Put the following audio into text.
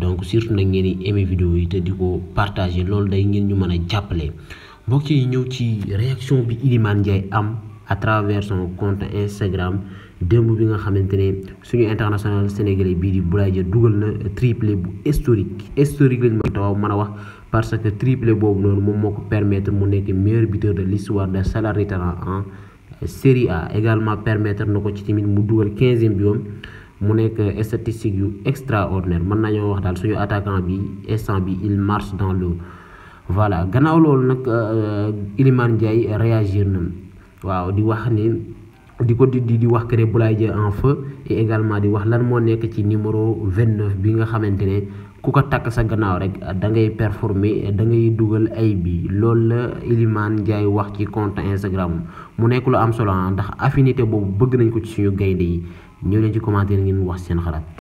donc surtout nak ngeen aimé vidéo yi té diko partager lolou day ngeen ñu mëna jappalé jàppale mbokk ci réaction bi Iliman Ndiaye am à travers son compte Instagram démb bi nga xamante suñu international sénégalais bi di Boulaye Dia na triplé bu historique historique lañ ma taw mëna wax parce que triplé bobu non moom moko permettre mu nekk meilleur buteur de l'histoire de Salernitana en Série A également permettre na ci tamit mu dugal 15e biom mu nekk statistique yu extraordinaire mën nañoo wax daal suñu attaquant bi instant bi il marche dans l'eau voilà gannaaw loolu nag euh, euh, Iliman Ndiaye réagir na waaw di wax ni di ko di di wax que ne Boulaye en feu et également di wax lan moo nekk ci numéro 29 bi nga xamante ne ku ko takk sa gannaaw rek da ngay performer da ngay dugal ay bi loolu la Iliman Ndiaye wax ci compte Instagram mu nekk lu am solo ndax affinité boobu bëgg nañ ko ci suñu gaynde yi. ñëw leen ci commentaire ngeen wax seen xalaat